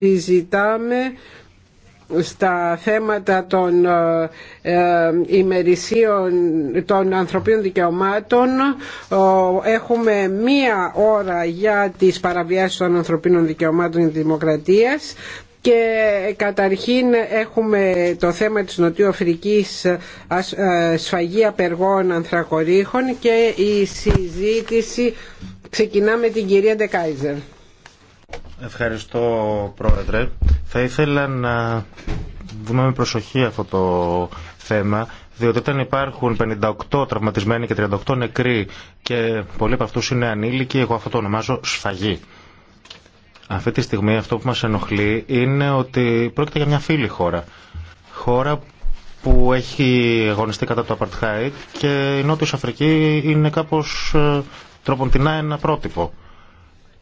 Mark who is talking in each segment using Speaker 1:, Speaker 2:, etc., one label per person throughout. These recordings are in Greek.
Speaker 1: Συζητάμε στα θέματα των ε, ε, ημερησίων των ανθρωπίνων δικαιωμάτων έχουμε μία ώρα για τις παραβιάσεις των ανθρωπίνων δικαιωμάτων της δημοκρατίας και καταρχήν έχουμε το θέμα της Νοτιοαφρικής ε, σφαγή απεργών ανθρακορίχων και η συζήτηση ξεκινά με την κυρία Ντεκάιζερ.
Speaker 2: Ευχαριστώ, Πρόεδρε. Θα ήθελα να δούμε με προσοχή αυτό το θέμα, διότι όταν υπάρχουν 58 τραυματισμένοι και 38 νεκροί και πολλοί από αυτούς είναι ανήλικοι, εγώ αυτό το ονομάζω σφαγή. Αυτή τη στιγμή αυτό που μας ενοχλεί είναι ότι πρόκειται για μια φίλη χώρα. Χώρα που έχει αγωνιστεί κατά το Απαρτχάιτ και η Νότιος Αφρική είναι κάπως ε, τροποντινά ένα πρότυπο.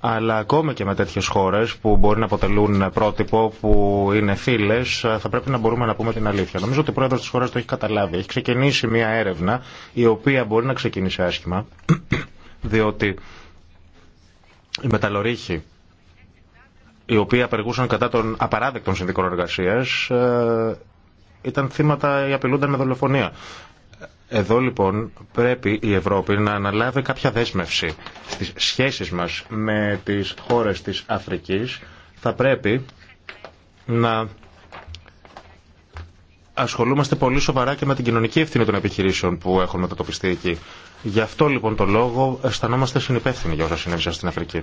Speaker 2: Αλλά ακόμα και με τέτοιε χώρε που μπορεί να αποτελούν πρότυπο, που είναι φίλε, θα πρέπει να μπορούμε να πούμε την αλήθεια. Νομίζω ότι ο πρόεδρο τη χώρα το έχει καταλάβει. Έχει ξεκινήσει μια έρευνα, η οποία μπορεί να ξεκινήσει άσχημα, διότι οι μεταλλορίχοι, οι οποίοι απεργούσαν κατά των απαράδεκτων συνδικών εργασία, ε, ήταν θύματα ή απειλούνταν με δολοφονία. Εδώ λοιπόν πρέπει η Ευρώπη να αναλάβει κάποια δέσμευση στις σχέσεις μας με τις χώρες της Αφρικής. Θα πρέπει να ασχολούμαστε πολύ σοβαρά και με την κοινωνική ευθύνη των επιχειρήσεων που έχουν μετατοπιστεί εκεί. Γι' αυτό λοιπόν το λόγο αισθανόμαστε συνυπεύθυνοι για όσα συνέβησαν στην Αφρική.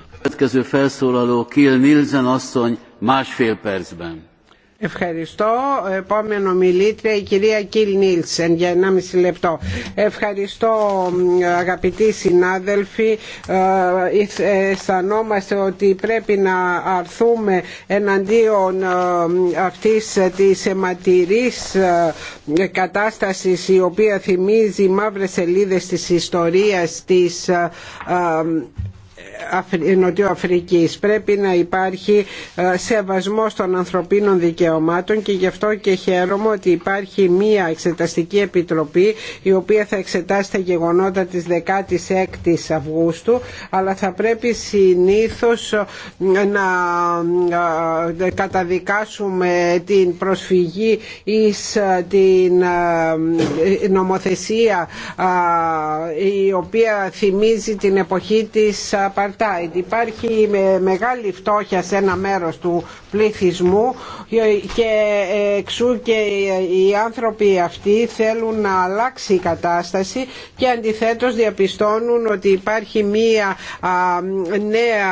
Speaker 1: Ευχαριστώ. Επόμενο μιλήτρια η κυρία Κιλ Νίλσεν για 1,5 λεπτό. Ευχαριστώ αγαπητοί συνάδελφοι. Ε, ε, αισθανόμαστε ότι πρέπει να αρθούμε εναντίον ε, αυτής της αιματηρής κατάστασης η οποία θυμίζει μαύρες σελίδες της ιστορίας της Νοτιοαφρικής. Πρέπει να υπάρχει ε, σεβασμός των ανθρωπίνων δικαιωμάτων και γι' αυτό και χαίρομαι ότι υπάρχει μία εξεταστική επιτροπή η οποία θα εξετάσει τα γεγονότα της 16ης Αυγούστου αλλά θα πρέπει συνήθως ε, να ε, καταδικάσουμε την προσφυγή η οποία θυμίζει την νομοθεσία η οποία θυμίζει την εποχή της Υπάρχει μεγάλη φτώχεια σε ένα μέρος του πληθυσμού και εξού και οι άνθρωποι αυτοί θέλουν να αλλάξει η κατάσταση και αντιθέτως διαπιστώνουν ότι υπάρχει μία νέα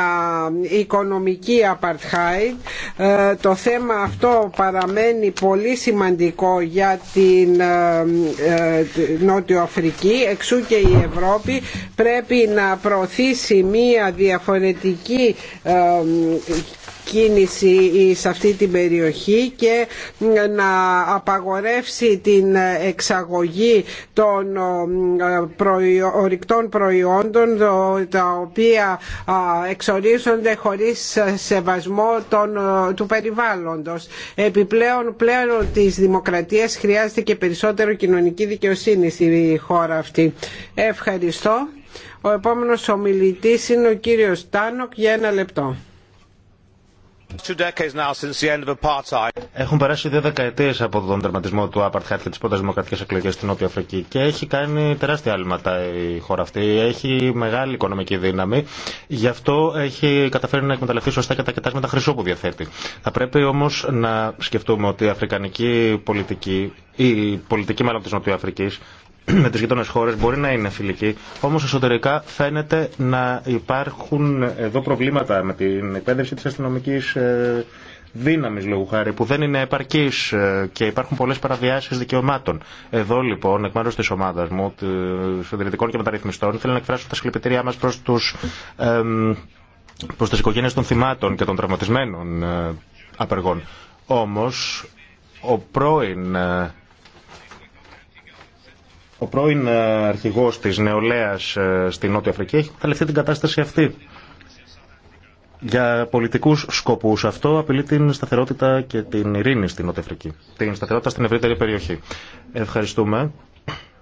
Speaker 1: οικονομική apartheid. Ε, το θέμα αυτό παραμένει πολύ σημαντικό για την ε, ε, Νότιο Αφρική εξού και η Ευρώπη πρέπει να προωθήσει μία μία διαφορετική κίνηση σε αυτή την περιοχή και να απαγορεύσει την εξαγωγή των ορυκτών προϊόντων τα οποία εξορίζονται χωρίς σεβασμό των, ε, του περιβάλλοντος. Επιπλέον πλέον της δημοκρατίας χρειάζεται και περισσότερο κοινωνική δικαιοσύνη στη χώρα αυτή. Ευχαριστώ. Ο επόμενος ομιλητής είναι ο κύριος Τάνοκ για ένα λεπτό.
Speaker 2: Έχουν περάσει δύο δεκαετίε από τον τερματισμό του Απαρτχάρτ και τι πρώτε δημοκρατικέ εκλογέ στην Νότια Αφρική και έχει κάνει τεράστια άλματα η χώρα αυτή. Έχει μεγάλη οικονομική δύναμη. Γι' αυτό έχει καταφέρει να εκμεταλλευτεί σωστά και τα κοιτάσματα χρυσό που διαθέτει. Θα πρέπει όμω να σκεφτούμε ότι η αφρικανική πολιτική, η πολιτική μάλλον τη Νότια Αφρική, με τις γειτόνες χώρες μπορεί να είναι φιλική, όμως εσωτερικά φαίνεται να υπάρχουν εδώ προβλήματα με την εκπαίδευση της αστυνομικής ε, δύναμη λόγου χάρη, που δεν είναι επαρκή ε, και υπάρχουν πολλές παραβιάσεις δικαιωμάτων. Εδώ λοιπόν, εκ μέρους τη ομάδα μου, των συντηρητικών και μεταρρυθμιστών, θέλω να εκφράσω τα συλληπιτήριά μας προ τους, προς τις οικογένειες των θυμάτων και των τραυματισμένων ε, απεργών. Όμως, ο πρώην ο πρώην ε, αρχηγός της νεολαίας ε, στη Νότια Αφρική έχει καταληφθεί την κατάσταση αυτή. Για πολιτικούς σκοπούς αυτό απειλεί την σταθερότητα και την ειρήνη στην Νότια Αφρική. Την σταθερότητα στην ευρύτερη περιοχή. Ευχαριστούμε.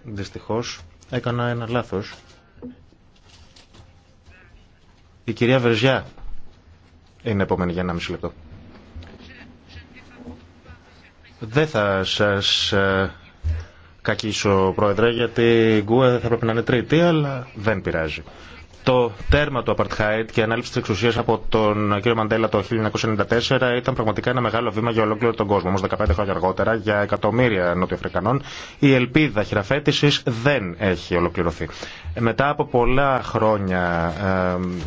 Speaker 2: Δυστυχώς έκανα ένα λάθος. Η κυρία Βερζιά είναι επόμενη για ένα μισή λεπτό. Δεν θα σας ε, ο Πρόεδρε, γιατί η Γκουε θα πρέπει να είναι τρίτη, αλλά δεν πειράζει. Το τέρμα του Απαρτχάιτ και η ανάληψη τη εξουσία από τον κύριο Μαντέλα το 1994 ήταν πραγματικά ένα μεγάλο βήμα για ολόκληρο τον κόσμο. Όμω 15 χρόνια αργότερα, για εκατομμύρια νοτιοφρικανών, η ελπίδα χειραφέτηση δεν έχει ολοκληρωθεί. Μετά από πολλά χρόνια ε,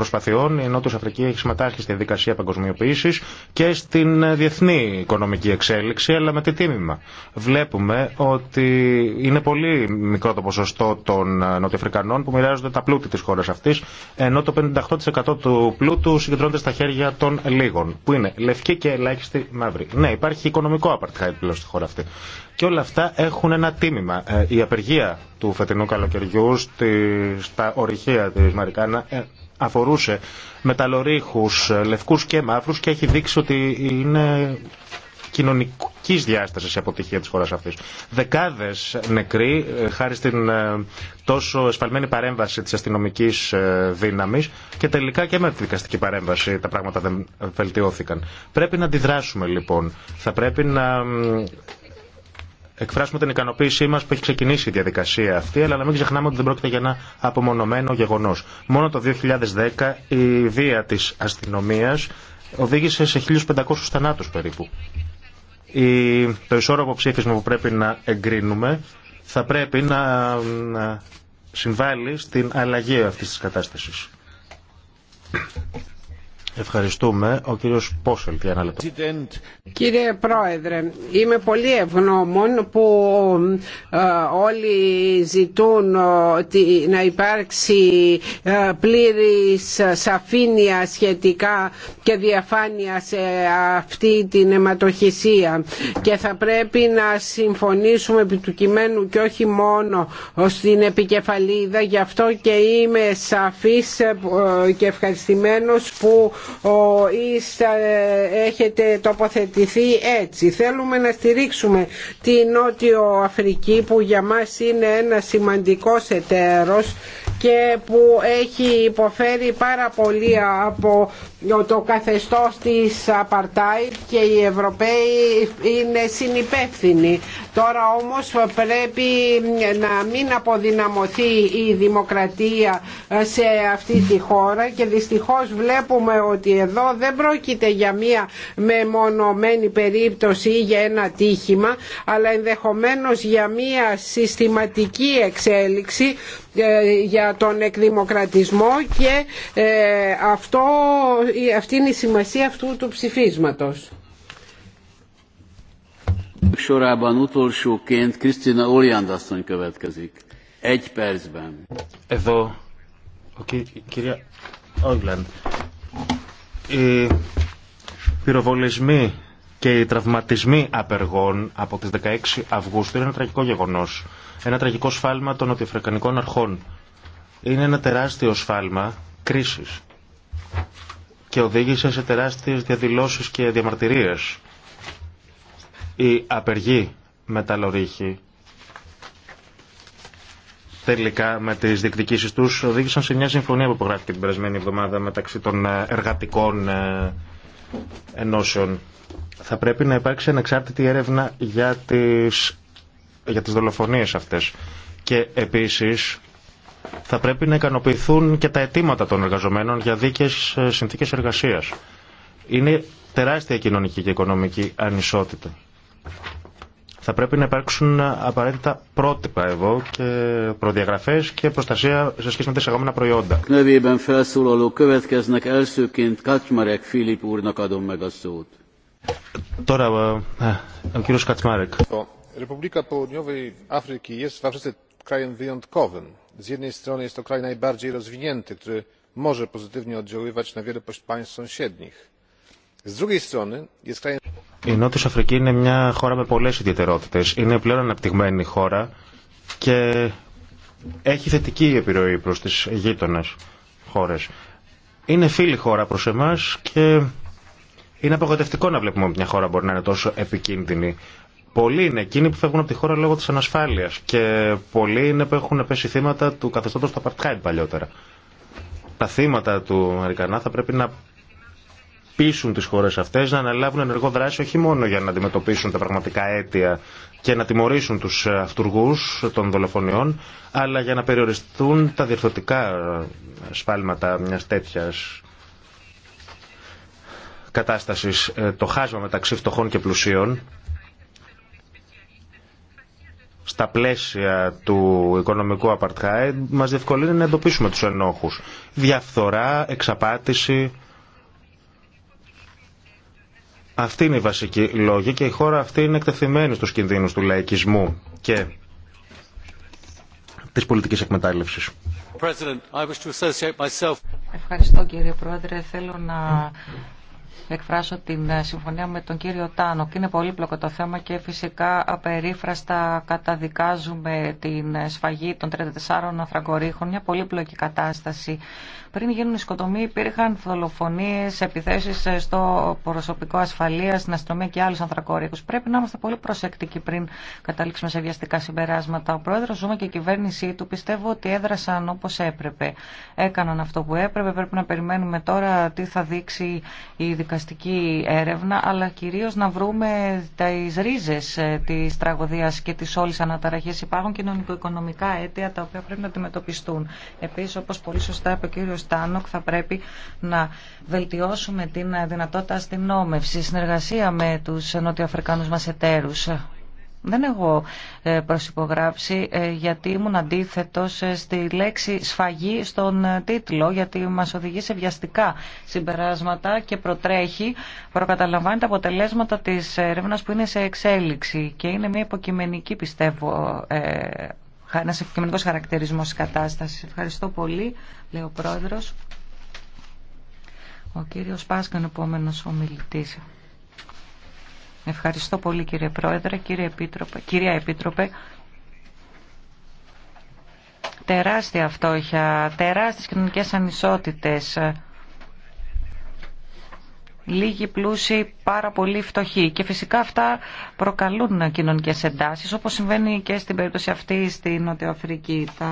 Speaker 2: προσπαθειών η Νότια Αφρική έχει συμμετάσχει στη δικασία παγκοσμιοποίηση και στην ε, διεθνή οικονομική εξέλιξη, αλλά με τι τίμημα. Βλέπουμε ότι είναι πολύ μικρό το ποσοστό των ε, Νοτιοαφρικανών που μοιράζονται τα πλούτη τη χώρα αυτή, ενώ το 58% του πλούτου συγκεντρώνεται στα χέρια των λίγων, που είναι λευκοί και ελάχιστοι μαύροι. Ναι, υπάρχει οικονομικό απαρτιχάιτ πλέον στη χώρα αυτή. Και όλα αυτά έχουν ένα τίμημα. Ε, η απεργία του φετινού καλοκαιριού στα ορυχεία της Μαρικάνα αφορούσε μεταλλορύχους, λευκούς και μαύρους και έχει δείξει ότι είναι κοινωνική διάσταση η αποτυχία της χώρας αυτής. Δεκάδες νεκροί, ε, χάρη στην ε, τόσο εσφαλμένη παρέμβαση της αστυνομικής ε, δύναμης και τελικά και με τη δικαστική παρέμβαση τα πράγματα δεν βελτιώθηκαν. Πρέπει να αντιδράσουμε λοιπόν. Θα πρέπει να εκφράσουμε την ικανοποίησή μα που έχει ξεκινήσει η διαδικασία αυτή, αλλά να μην ξεχνάμε ότι δεν πρόκειται για ένα απομονωμένο γεγονό. Μόνο το 2010 η βία τη αστυνομία οδήγησε σε 1.500 θανάτου περίπου. Η, το ισόρροπο ψήφισμα που πρέπει να εγκρίνουμε θα πρέπει να, να συμβάλλει στην αλλαγή αυτή τη κατάσταση. Ευχαριστούμε. Ο κύριος Πόσελ, για ένα λεπτό.
Speaker 1: Κύριε Πρόεδρε, είμαι πολύ ευγνώμων που ε, όλοι ζητούν ε, να υπάρξει ε, πλήρης σαφήνεια σχετικά και διαφάνεια σε αυτή την αιματοχυσία και θα πρέπει να συμφωνήσουμε επί του κειμένου και όχι μόνο στην επικεφαλίδα γι' αυτό και είμαι σαφής και ευχαριστημένος που έχετε τοποθετηθεί έτσι. Θέλουμε να στηρίξουμε τη Νότιο Αφρική που για μας είναι ένα σημαντικός εταίρος και που έχει υποφέρει πάρα πολύ από το καθεστώς της Απαρτάιτ και οι Ευρωπαίοι είναι συνυπεύθυνοι. Τώρα όμως πρέπει να μην αποδυναμωθεί η δημοκρατία σε αυτή τη χώρα και δυστυχώς βλέπουμε ότι εδώ δεν πρόκειται για μία μεμονωμένη περίπτωση ή για ένα τύχημα αλλά ενδεχομένως για μία συστηματική εξέλιξη ε, για τον εκδημοκρατισμό και ε, αυτό, αυτή είναι η σημασία αυτού του ψηφίσματος.
Speaker 2: Εδώ, κυρία Όγλαντ, οι πυροβολισμοί και οι τραυματισμοί απεργών από τις 16 Αυγούστου είναι ένα τραγικό γεγονός ένα τραγικό σφάλμα των νοτιοαφρικανικών αρχών. Είναι ένα τεράστιο σφάλμα κρίσης και οδήγησε σε τεράστιε διαδηλώσει και διαμαρτυρίες. Η απεργή μεταλλορίχη τελικά με τις διεκδικήσεις τους οδήγησαν σε μια συμφωνία που υπογράφηκε την περασμένη εβδομάδα μεταξύ των ε, εργατικών ε, ενώσεων. Θα πρέπει να υπάρξει ανεξάρτητη έρευνα για τις για τις δολοφονίες αυτές. Και επίσης θα πρέπει να ικανοποιηθούν και τα αιτήματα των εργαζομένων για δίκες ε, συνθήκες εργασίας. Είναι τεράστια κοινωνική και οικονομική ανισότητα. Θα πρέπει να υπάρξουν απαραίτητα πρότυπα εδώ και προδιαγραφές και προστασία σε σχέση με τα εισαγόμενα προϊόντα. Τώρα, ε, ο κύριος Κατσμάρεκ η Νότιος Αφρική είναι μια χώρα με πολλές ιδιαιτερότητες. Είναι πλέον αναπτυγμένη χώρα και έχει θετική επιρροή προς τις γείτονες χώρες. Είναι φίλη χώρα προς εμάς και είναι απογοητευτικό να βλέπουμε ότι μια χώρα μπορεί να είναι τόσο επικίνδυνη Πολλοί είναι εκείνοι που φεύγουν από τη χώρα λόγω τη ανασφάλεια και πολλοί είναι που έχουν πέσει θύματα του καθεστώτο του Απαρτχάιντ παλιότερα. Τα θύματα του Αμερικανά θα πρέπει να πείσουν τι χώρε αυτέ να αναλάβουν ενεργό δράση όχι μόνο για να αντιμετωπίσουν τα πραγματικά αίτια και να τιμωρήσουν του αυτούργου των δολοφονιών, αλλά για να περιοριστούν τα διορθωτικά σφάλματα μια τέτοια κατάσταση. Ε, το χάσμα μεταξύ φτωχών και πλουσίων στα πλαίσια του οικονομικού απαρτχάιντ μας διευκολύνει να εντοπίσουμε τους ενόχους. Διαφθορά, εξαπάτηση, αυτή είναι η βασική λόγη και η χώρα αυτή είναι εκτεθειμένη στους κινδύνους του λαϊκισμού και της πολιτικής εκμετάλλευσης.
Speaker 3: Ευχαριστώ Θέλω να εκφράσω την ε, συμφωνία με τον κύριο Τάνο και είναι πολύπλοκο το θέμα και φυσικά απερίφραστα καταδικάζουμε την σφαγή των 34 ανθρακορίχων, μια πολύπλοκη κατάσταση. Πριν γίνουν οι σκοτωμοί υπήρχαν δολοφονίες, επιθέσεις ε, στο προσωπικό ασφαλείας, στην αστυνομία και άλλους ανθρακορίχους. Πρέπει να είμαστε πολύ προσεκτικοί πριν καταλήξουμε σε βιαστικά συμπεράσματα. Ο πρόεδρος Ζούμα και η κυβέρνησή του πιστεύω ότι έδρασαν όπως έπρεπε. Έκαναν αυτό που έπρεπε, πρέπει να περιμένουμε τώρα τι θα δείξει η δικαστική έρευνα, αλλά κυρίως να βρούμε τις ρίζες ε, της τραγωδίας και της όλης αναταραχής. Υπάρχουν κοινωνικο-οικονομικά αίτια τα οποία πρέπει να αντιμετωπιστούν. Επίσης, όπως πολύ σωστά είπε ο κύριο Τάνοκ, θα πρέπει να βελτιώσουμε την δυνατότητα αστυνόμευση, συνεργασία με τους νοτιοαφρικανούς μας εταίρους. Δεν έχω ε, προσυπογράψει ε, γιατί ήμουν αντίθετος ε, στη λέξη σφαγή στον τίτλο γιατί μας οδηγεί σε βιαστικά συμπεράσματα και προτρέχει, προκαταλαμβάνει τα αποτελέσματα της έρευνα που είναι σε εξέλιξη και είναι μια υποκειμενική πιστεύω ένα υποκειμενικό χαρακτηρισμό τη κατάσταση. Ευχαριστώ πολύ, λέει ο πρόεδρο. Ο κύριο Πάσκαν, επόμενο ομιλητή. Ευχαριστώ πολύ κύριε Πρόεδρε, κύριε Επίτροπε, κυρία Επίτροπε. Τεράστια φτώχεια, τεράστιες κοινωνικές ανισότητες. Λίγοι πλούσιοι, πάρα πολύ φτωχοί. Και φυσικά αυτά προκαλούν κοινωνικές εντάσεις, όπως συμβαίνει και στην περίπτωση αυτή στη Νοτιοαφρική. Τα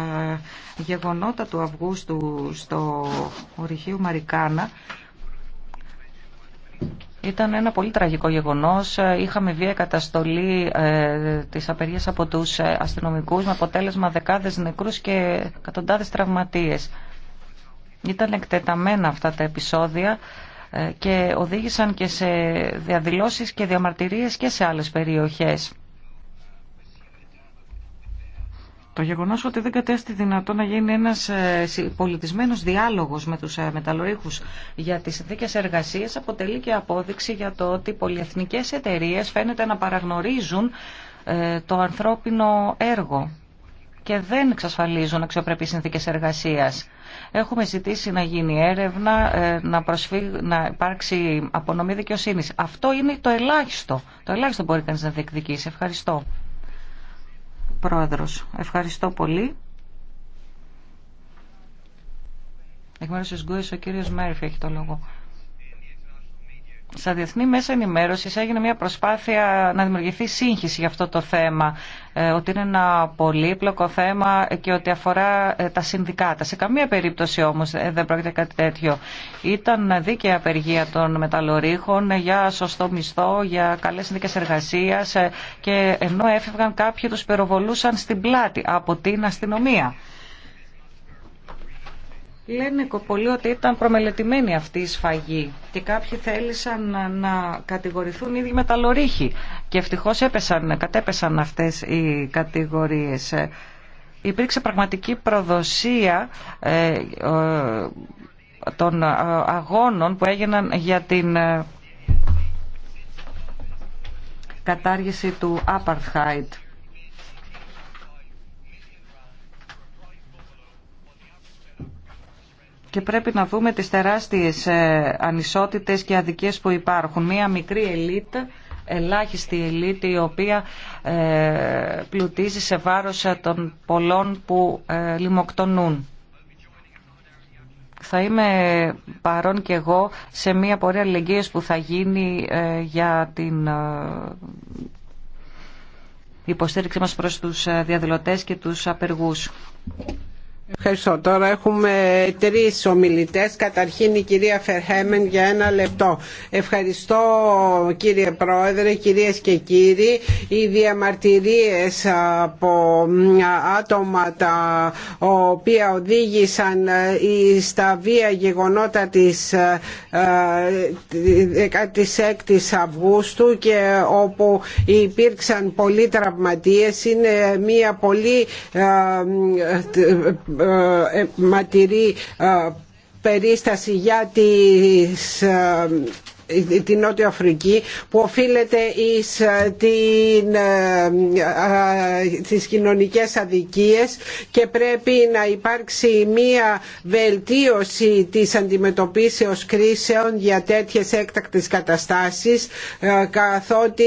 Speaker 3: γεγονότα του Αυγούστου στο ορυχείο Μαρικάνα ήταν ένα πολύ τραγικό γεγονός. Είχαμε βία καταστολή ε, της απεργίας από τους ε, αστυνομικούς με αποτέλεσμα δεκάδες νεκρούς και εκατοντάδες τραυματίες. Ήταν εκτεταμένα αυτά τα επεισόδια ε, και οδήγησαν και σε διαδηλώσεις και διαμαρτυρίες και σε άλλες περιοχές. Το γεγονό ότι δεν κατέστη δυνατό να γίνει ένα ε, πολιτισμένος διάλογο με του ε, μεταλλορίχου για τι συνθήκε εργασία, αποτελεί και απόδειξη για το ότι οι πολυεθνικές φαίνεται να παραγνωρίζουν ε, το ανθρώπινο έργο και δεν εξασφαλίζουν αξιοπρεπεί συνθήκες εργασίας. Έχουμε ζητήσει να γίνει έρευνα, να, να υπάρξει απονομή δικαιοσύνης. Αυτό είναι το ελάχιστο. Το ελάχιστο μπορεί κανείς να διεκδικήσει. Ευχαριστώ. Πρόεδρος, ευχαριστώ πολύ. Εκ μέρους της ο κύριος Μέρφη έχει το λόγο στα διεθνή μέσα ενημέρωσης έγινε μια προσπάθεια να δημιουργηθεί σύγχυση για αυτό το θέμα, ε, ότι είναι ένα πολύπλοκο θέμα και ότι αφορά ε, τα συνδικάτα. Σε καμία περίπτωση όμως ε, δεν πρόκειται κάτι τέτοιο. Ήταν δίκαια απεργία των μεταλλορίχων για σωστό μισθό, για καλές συνδίκες εργασίας και ενώ έφευγαν κάποιοι τους περοβολούσαν στην πλάτη από την αστυνομία. Λένε πολλοί ότι ήταν προμελετημένη αυτή η σφαγή και κάποιοι θέλησαν να κατηγορηθούν ήδη με τα και ευτυχώ κατέπεσαν αυτές οι κατηγορίε. Ε, υπήρξε πραγματική προδοσία ε, των ε, αγώνων που έγιναν για την κατάργηση του Apartheid. και πρέπει να δούμε τις τεράστιες ε, ανισότητες και αδικίες που υπάρχουν. Μία μικρή ελίτ, ελάχιστη ελίτ η οποία ε, πλουτίζει σε βάρος ε, των πολλών που λιμοκτονούν. Θα είμαι παρόν και εγώ σε μία πορεία αλληλεγγύης που θα γίνει για την υποστήριξη μας προς τους διαδηλωτές
Speaker 1: και τους απεργούς. Ευχαριστώ. Τώρα έχουμε τρεις ομιλητές. Καταρχήν η κυρία Φερχέμεν για ένα λεπτό. Ευχαριστώ κύριε Πρόεδρε, κυρίες και κύριοι. Οι διαμαρτυρίες από άτομα τα οποία οδήγησαν στα βία γεγονότα της 16ης ε, Αυγούστου και όπου υπήρξαν πολλοί τραυματίες είναι μια πολύ ε, ε, ε, ματηρή ε, περίσταση για τις την Νότια Αφρική που οφείλεται εις ε, την, ε, ε, τις κοινωνικές αδικίες και πρέπει να υπάρξει μία βελτίωση της αντιμετωπίσεως κρίσεων για τέτοιες έκτακτες καταστάσεις καθότι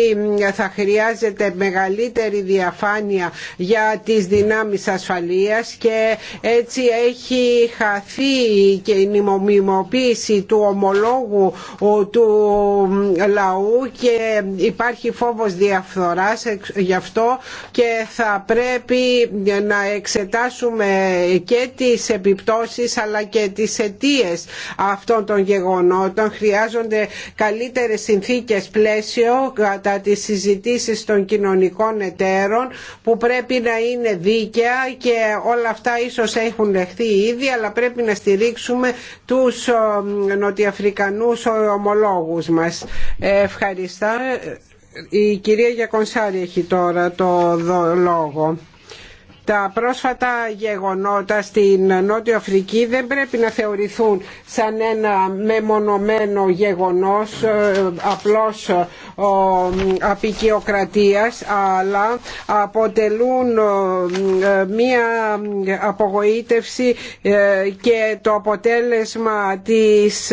Speaker 1: θα χρειάζεται μεγαλύτερη διαφάνεια για τις δυνάμεις ασφαλείας και έτσι έχει χαθεί και η νομιμοποίηση του ομολόγου του λαού και υπάρχει φόβος διαφθοράς γι' αυτό και θα πρέπει να εξετάσουμε και τις επιπτώσεις αλλά και τις αιτίες αυτών των γεγονότων. Χρειάζονται καλύτερες συνθήκες πλαίσιο κατά τις συζητήσεις των κοινωνικών εταίρων που πρέπει να είναι δίκαια και όλα αυτά ίσως έχουν λεχθεί ήδη αλλά πρέπει να στηρίξουμε τους ε, νοτιοαφρικανούς ομολόγους μας. Ευχαριστώ. Η κυρία Γιακονσάρη έχει τώρα το λόγο τα πρόσφατα γεγονότα στην Νότιο Αφρική δεν πρέπει να θεωρηθούν σαν ένα μεμονωμένο γεγονός ε, απλώς ε, απικιοκρατίας αλλά αποτελούν ε, μία απογοήτευση και το αποτέλεσμα της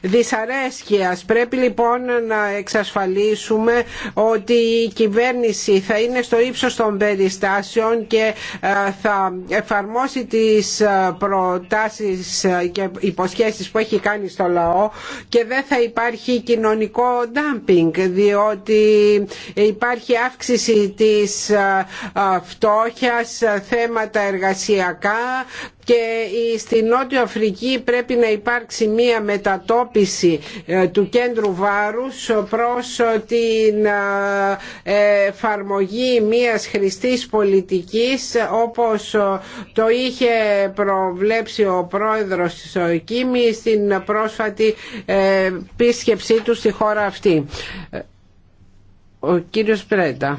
Speaker 1: δυσαρέσκειας. Πρέπει λοιπόν να εξασφαλίσουμε ότι η κυβέρνηση θα είναι στο ύψος των περιστάσεων και ε, θα εφαρμόσει τις ε, προτάσεις ε, και υποσχέσεις που έχει κάνει στο λαό και δεν θα υπάρχει κοινωνικό ντάμπινγκ διότι υπάρχει αύξηση της φτώχειας, θέματα εργασιακά, και στην Νότια Αφρική πρέπει να υπάρξει μία μετατόπιση ε, του κέντρου βάρους προς ε, την ε, εφαρμογή μίας χρηστής πολιτικής όπως το είχε προβλέψει ο πρόεδρος της ΟΚΙΜΗ στην πρόσφατη πίσκεψή του στη χώρα αυτή. Ο κύριος Πρέτα.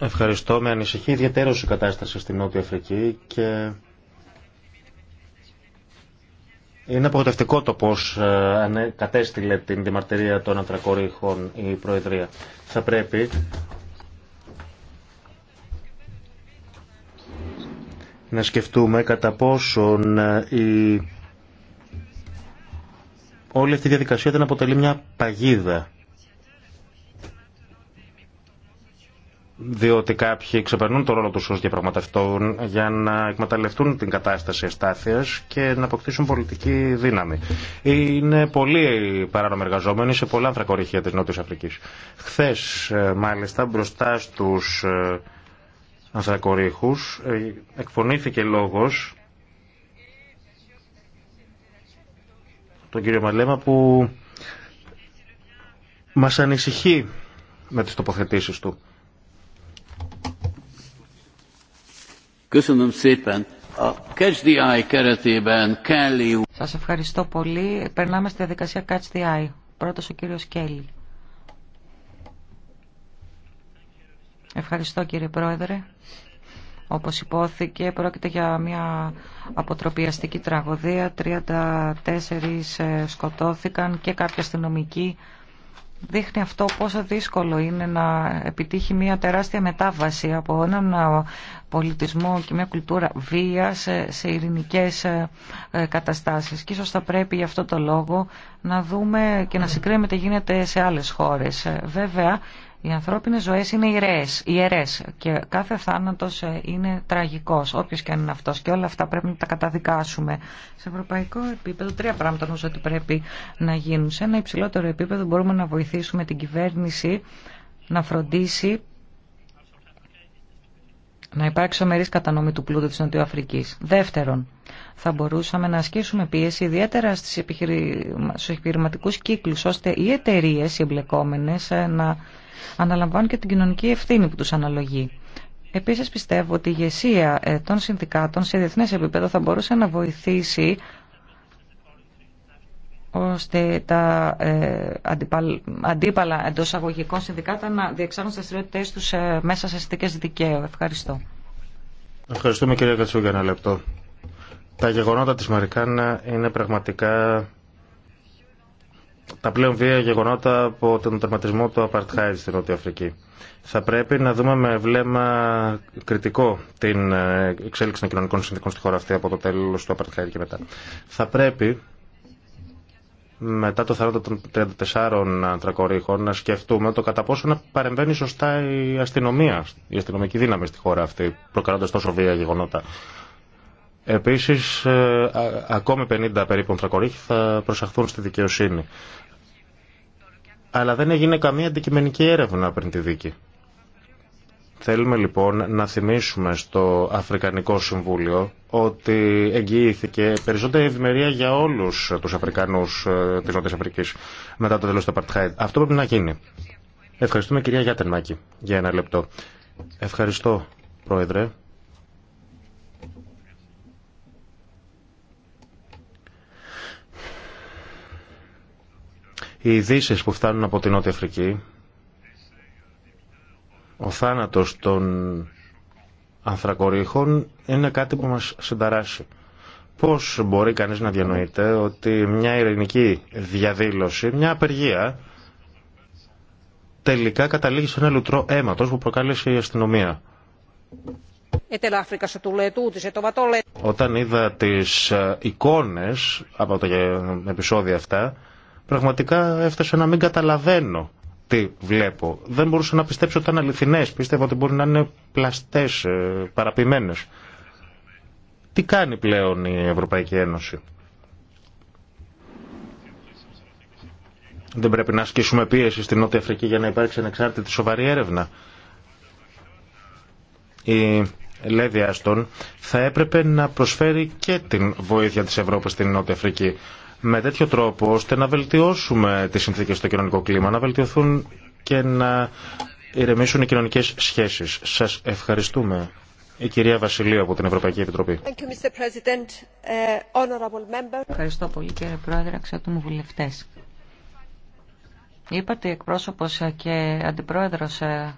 Speaker 2: Ευχαριστώ. Με ανησυχεί ιδιαίτερω η κατάσταση στην Νότια Αφρική και είναι απογοτευτικό το πώ ε, κατέστηλε την διαμαρτυρία των Ανθρακορίχων η Προεδρία. Θα πρέπει να σκεφτούμε κατά πόσον ε, η... όλη αυτή η διαδικασία δεν αποτελεί μια παγίδα διότι κάποιοι ξεπερνούν το ρόλο του ως διαπραγματευτών για να εκμεταλλευτούν την κατάσταση αστάθειας και να αποκτήσουν πολιτική δύναμη. Είναι πολλοί παράνομοι εργαζόμενοι σε πολλά ανθρακοριχεία της Νότιας Αφρικής. Χθες, ε, μάλιστα, μπροστά στους ε, ανθρακορύχους ε, εκφωνήθηκε λόγος τον κύριο Μαλέμα που μας ανησυχεί με τις τοποθετήσεις του Σα
Speaker 3: Σας ευχαριστώ πολύ. Περνάμε στη διαδικασία Catch the Eye. Πρώτος ο κύριος Κέλλη. Ευχαριστώ κύριε Πρόεδρε. Όπως υπόθηκε, πρόκειται για μια αποτροπιαστική τραγωδία. 34 ε, σκοτώθηκαν και κάποια αστυνομικοί δείχνει αυτό πόσο δύσκολο είναι να επιτύχει μια τεράστια μετάβαση από έναν ε, πολιτισμό και μια κουλτούρα βίας σε ειρηνικές ε, ε, καταστάσεις. Και ίσως θα πρέπει για αυτό το λόγο να δούμε και να συγκρίνουμε τι γίνεται σε άλλες χώρες. Βέβαια, οι ανθρώπινες ζωές είναι ιερές, ιερές και κάθε θάνατος ε, είναι τραγικός, όποιος και αν είναι αυτός. Και όλα αυτά πρέπει να τα καταδικάσουμε. Σε ευρωπαϊκό επίπεδο τρία πράγματα νομίζω ότι πρέπει να γίνουν. Σε ένα υψηλότερο επίπεδο μπορούμε να βοηθήσουμε την κυβέρνηση να φροντίσει να υπάρξει ομερή κατανομή του πλούτου της Νοτιοαφρικής. Δεύτερον, θα μπορούσαμε να ασκήσουμε πίεση ιδιαίτερα στους επιχειρηματικούς κύκλους, ώστε οι εταιρείε οι ε, να αναλαμβάνουν και την κοινωνική ευθύνη που τους αναλογεί. Επίσης πιστεύω ότι η ηγεσία ε, των συνδικάτων σε διεθνές επίπεδο θα μπορούσε να βοηθήσει ώστε τα ε, αντίπαλα εντό αγωγικών συνδικάτων να διεξάγουν τι δραστηριότητέ του ε, μέσα σε αστικέ δικαίου. Ευχαριστώ.
Speaker 2: Ευχαριστούμε κυρία Κατσού για ένα λεπτό. Τα γεγονότα της Μαρικάνα είναι πραγματικά τα πλέον βία γεγονότα από τον τερματισμό του Απαρτχάιτ στην Νότια Αφρική. Θα πρέπει να δούμε με βλέμμα κριτικό την ε, εξέλιξη των κοινωνικών συνθήκων στη χώρα αυτή από το τέλος του Απαρτχάιτ και μετά. Θα πρέπει μετά το θάνατο των 34 ανθρακορίχων να σκεφτούμε το κατά πόσο να παρεμβαίνει σωστά η αστυνομία, η αστυνομική δύναμη στη χώρα αυτή, προκαλώντας τόσο βία γεγονότα. Επίσης, ε, ακόμη 50 περίπου ανθρακορίχοι θα προσαχθούν στη δικαιοσύνη. Αλλά δεν έγινε καμία αντικειμενική έρευνα πριν τη δίκη. Θέλουμε λοιπόν να θυμίσουμε στο Αφρικανικό Συμβούλιο ότι εγγυήθηκε περισσότερη ευημερία για όλους τους Αφρικανούς ε, της Νότιας Αφρικής μετά το τέλος του Απαρτχάιντ. Αυτό πρέπει να γίνει. Ευχαριστούμε κυρία Γιάτερμάκη για ένα λεπτό. Ευχαριστώ πρόεδρε. Οι ειδήσει που φτάνουν από την Νότια Αφρική, ο θάνατος των ανθρακορίχων είναι κάτι που μας συνταράσει. Πώς μπορεί κανείς να διανοείται ότι μια ειρηνική διαδήλωση, μια απεργία, τελικά καταλήγει σε ένα λουτρό αίματος που προκάλεσε η αστυνομία. Όταν είδα τις ε, εικόνες από τα ε, επεισόδια αυτά, Πραγματικά έφτασα να μην καταλαβαίνω τι βλέπω. Δεν μπορούσα να πιστέψω ότι ήταν αληθινέ. Πίστευα ότι μπορεί να είναι πλαστέ, ε, παραπημένε. Τι κάνει πλέον η Ευρωπαϊκή Ένωση. Δεν πρέπει να ασκήσουμε πίεση στην Νότια Αφρική για να υπάρξει ανεξάρτητη σοβαρή έρευνα. Η Λέδη Άστον θα έπρεπε να προσφέρει και την βοήθεια της Ευρώπης στην Νότια Αφρική με τέτοιο τρόπο ώστε να βελτιώσουμε τις συνθήκες στο κοινωνικό κλίμα, να βελτιωθούν και να ηρεμήσουν οι κοινωνικές σχέσεις. Σας ευχαριστούμε. Η κυρία Βασιλείου από την Ευρωπαϊκή Επιτροπή. Ε, Ευχαριστώ πολύ κύριε
Speaker 3: Πρόεδρε, αξιότιμοι βουλευτές. Είπατε εκπρόσωπος ε, και αντιπρόεδρος ε,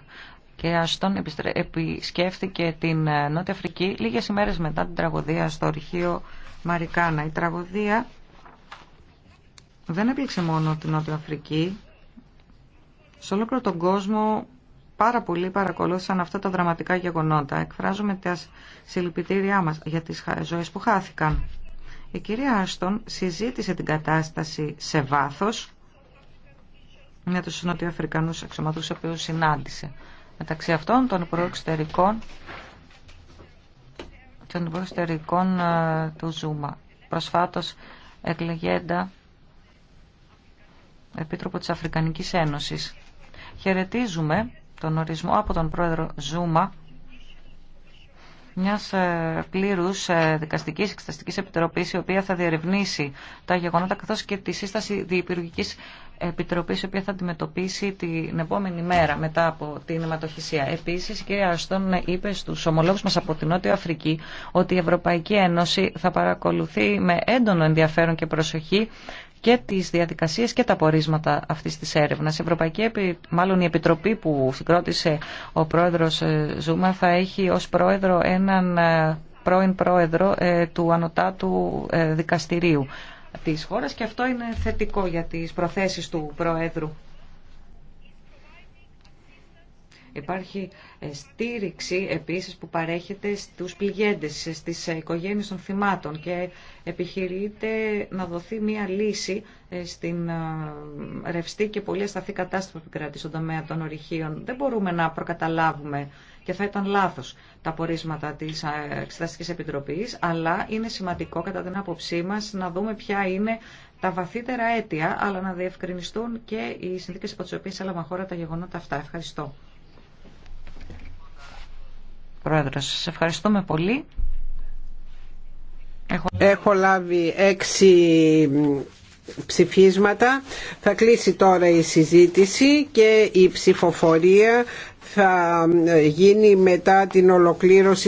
Speaker 3: και Αστόν επισκέφθηκε την Νότια Αφρική λίγες ημέρες μετά την τραγωδία στο αρχείο Μαρικάνα. Η τραγωδία δεν έπληξε μόνο την Νότια Αφρική. Σε ολόκληρο τον κόσμο πάρα πολλοί παρακολούθησαν αυτά τα δραματικά γεγονότα. Εκφράζουμε τα συλληπιτήριά μας για τις ζωές που χάθηκαν. Η κυρία Άστον συζήτησε την κατάσταση σε βάθος με τους νοτιοαφρικανούς αξιωματούς, του οποίου συνάντησε. Μεταξύ αυτών των προεξωτερικών των του Ζούμα. Προσφάτως εκλεγέντα Επίτροπο της Αφρικανικής Ένωσης. Χαιρετίζουμε τον ορισμό από τον πρόεδρο Ζούμα μιας ε, πλήρους ε, δικαστικής εξεταστικής επιτροπής η οποία θα διερευνήσει τα γεγονότα καθώς και τη σύσταση διεπιουργικής επιτροπής η οποία θα αντιμετωπίσει την επόμενη μέρα μετά από την αιματοχυσία. Επίσης η κυρία Αστόν είπε στους ομολόγους μας από την Νότια Αφρική ότι η Ευρωπαϊκή Ένωση θα παρακολουθεί με έντονο ενδιαφέρον και προσοχή και τις διαδικασίες και τα πορίσματα αυτής της έρευνας. Η Ευρωπαϊκή, μάλλον Επιτροπή που συγκρότησε ο πρόεδρος ε, Ζούμα θα έχει ως πρόεδρο έναν ε, πρώην πρόεδρο ε, του Ανωτάτου Δικαστηρίου της χώρας και αυτό είναι θετικό για τις προθέσεις του πρόεδρου Υπάρχει ε, στήριξη επίσης που παρέχεται στους πληγέντες, στις οικογένειες των θυμάτων και επιχειρείται να δοθεί μία λύση ε, στην ε, ρευστή και πολύ ασταθή κατάσταση που κρατήσει στον τομέα των ορυχείων. Δεν μπορούμε να προκαταλάβουμε και θα ήταν λάθος τα πορίσματα της Εξεταστικής Επιτροπής, αλλά είναι σημαντικό κατά την άποψή μας να δούμε ποια είναι τα βαθύτερα αίτια, αλλά να διευκρινιστούν και οι συνθήκες από τις οποίες έλαβαν χώρα τα γεγονότα αυτά. Ευχαριστώ. Πρόεδρος, σας ευχαριστούμε πολύ.
Speaker 1: Έχω... Έχω λάβει έξι ψηφίσματα. Θα κλείσει τώρα η συζήτηση και η ψηφοφορία θα γίνει μετά την ολοκλήρωση